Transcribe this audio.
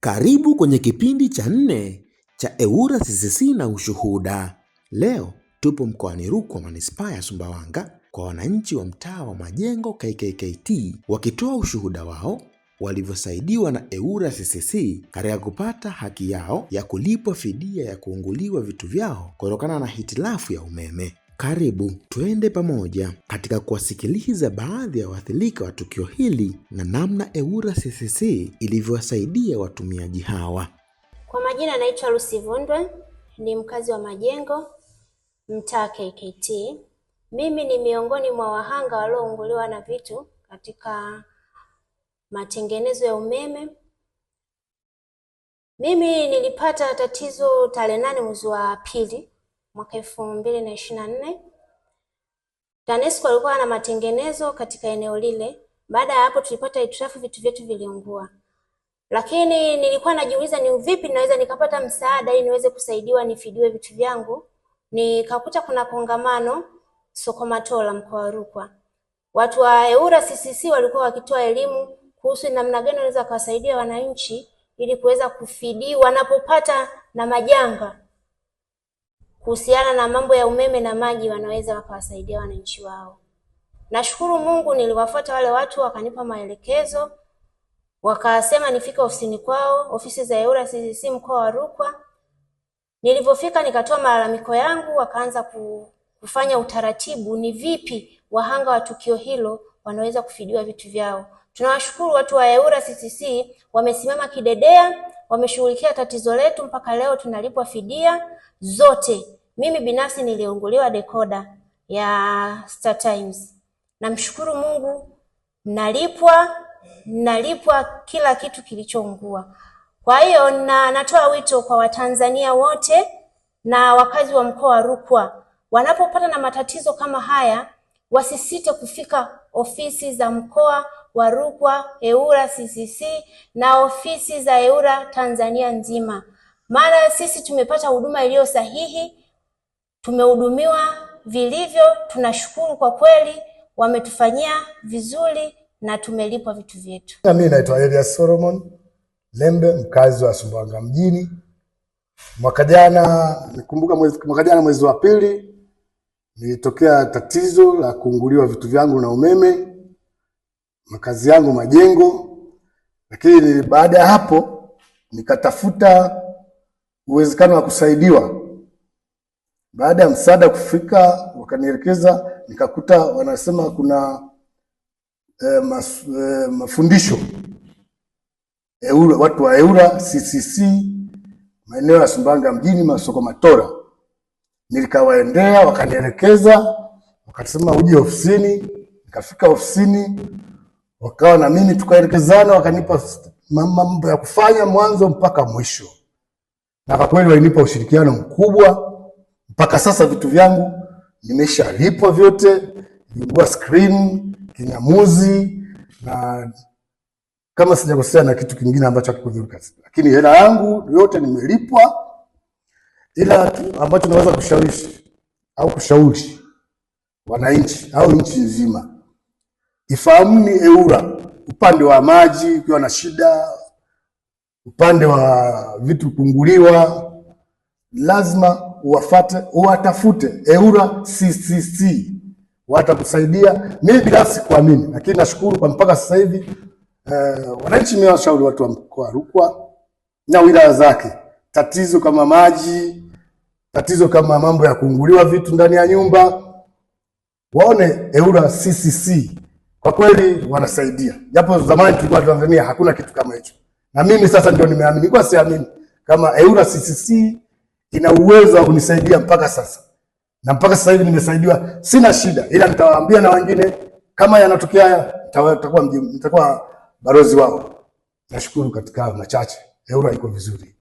Karibu kwenye kipindi cha nne cha EWURA CCC na ushuhuda. Leo tupo mkoani Rukwa, manispaa ya Sumbawanga, kwa wananchi wa mtaa wa Majengo KKKT wakitoa ushuhuda wao walivyosaidiwa na EWURA CCC katika kupata haki yao ya kulipwa fidia ya kuunguliwa vitu vyao kutokana na hitilafu ya umeme. Karibu tuende pamoja katika kuwasikiliza baadhi ya waathirika wa tukio hili na namna EWURA CCC ilivyowasaidia watumiaji hawa. Kwa majina anaitwa Lucy Vundwe, ni mkazi wa Majengo, mtaa KKT. Mimi ni miongoni mwa wahanga waliounguliwa na vitu katika matengenezo ya umeme. Mimi nilipata tatizo tarehe nane mwezi wa pili mwaka elfu mbili na ishirini na nne. TANESCO alikuwa na matengenezo katika eneo lile. Baada ya hapo, tulipata hitilafu, vitu vyetu viliungua, lakini nilikuwa najiuliza ni vipi naweza nikapata msaada ili niweze kusaidiwa nifidiwe vitu vyangu. Nikakuta kuna kongamano soko Matola, mkoa wa Rukwa, watu wa EWURA CCC walikuwa wakitoa elimu kuhusu namna gani wanaweza kuwasaidia wananchi ili kuweza kufidiwa wanapopata na majanga kuhusiana na mambo ya umeme na maji wanaweza wakawasaidia wananchi wao. Nashukuru Mungu, niliwafuata wale watu wakanipa maelekezo, wakasema nifike ofisini kwao, ofisi za EWURA CCC mkoa wa Rukwa. Nilivyofika nikatoa malalamiko yangu, wakaanza kufanya utaratibu, ni vipi wahanga wa tukio hilo wanaweza kufidiwa vitu vyao. Tunawashukuru watu wa EWURA CCC wamesimama kidedea wameshughulikia tatizo letu mpaka leo tunalipwa fidia zote. Mimi binafsi niliunguliwa dekoda ya Star Times. Namshukuru Mungu nalipwa, nalipwa kila kitu kilichoungua. Kwa hiyo na natoa wito kwa Watanzania wote na wakazi wa mkoa wa Rukwa wanapopata na matatizo kama haya wasisite kufika ofisi za mkoa wa Rukwa, EWURA CCC na ofisi za EWURA Tanzania nzima. Maana sisi tumepata huduma iliyo sahihi, tumehudumiwa vilivyo, tunashukuru kwa kweli, wametufanyia vizuri na tumelipwa vitu vyetu. Na mimi naitwa Elias Solomon Lembe, mkazi wa Sumbawanga mjini. Mwaka jana nikumbuka, mwaka jana mwezi wa pili nilitokea tatizo la kuunguliwa vitu vyangu na umeme makazi yangu majengo, lakini baada ya hapo nikatafuta uwezekano wa kusaidiwa. Baada ya msaada kufika, wakanielekeza nikakuta wanasema kuna eh, mas, eh, mafundisho Eura, watu wa Eura CCC maeneo ya sumbanga mjini masoko matora. Nilikawaendea, wakanielekeza, wakasema uje ofisini. Nikafika ofisini, wakawa na mimi tukaelekezana, wakanipa mambo ya kufanya mwanzo mpaka mwisho, na kwa kweli walinipa ushirikiano mkubwa. Mpaka sasa vitu vyangu nimeshalipwa vyote, nilikuwa screen kinyamuzi na kama sijakosea na kitu kingine ambacho hakikudhuru kazi, lakini hela yangu yote nimelipwa, ila ambacho naweza kushawishi au kushauri wananchi au nchi nzima Ifahamuni EWURA upande wa maji, ukiwa na shida upande wa vitu punguliwa, lazima uwafate, uwatafute EWURA CCC, watakusaidia. Mimi binafsi kuamini, lakini nashukuru kwa mpaka sasa hivi eh, wananchi washauri watu wa mkoa Rukwa na wilaya zake, tatizo kama maji, tatizo kama mambo ya kuunguliwa vitu ndani ya nyumba, waone EWURA CCC. Kwa kweli wanasaidia, japo zamani tulikuwa Tanzania hakuna kitu kama hicho, na mimi sasa ndio nimeamini. kwa siamini kama EURA-CCC ina uwezo wa kunisaidia mpaka sasa, na mpaka sasa hivi nimesaidiwa, sina shida, ila nitawaambia na wengine kama yanatokea haya, nitakuwa nitakuwa balozi wao. Nashukuru katika machache, EURA iko vizuri.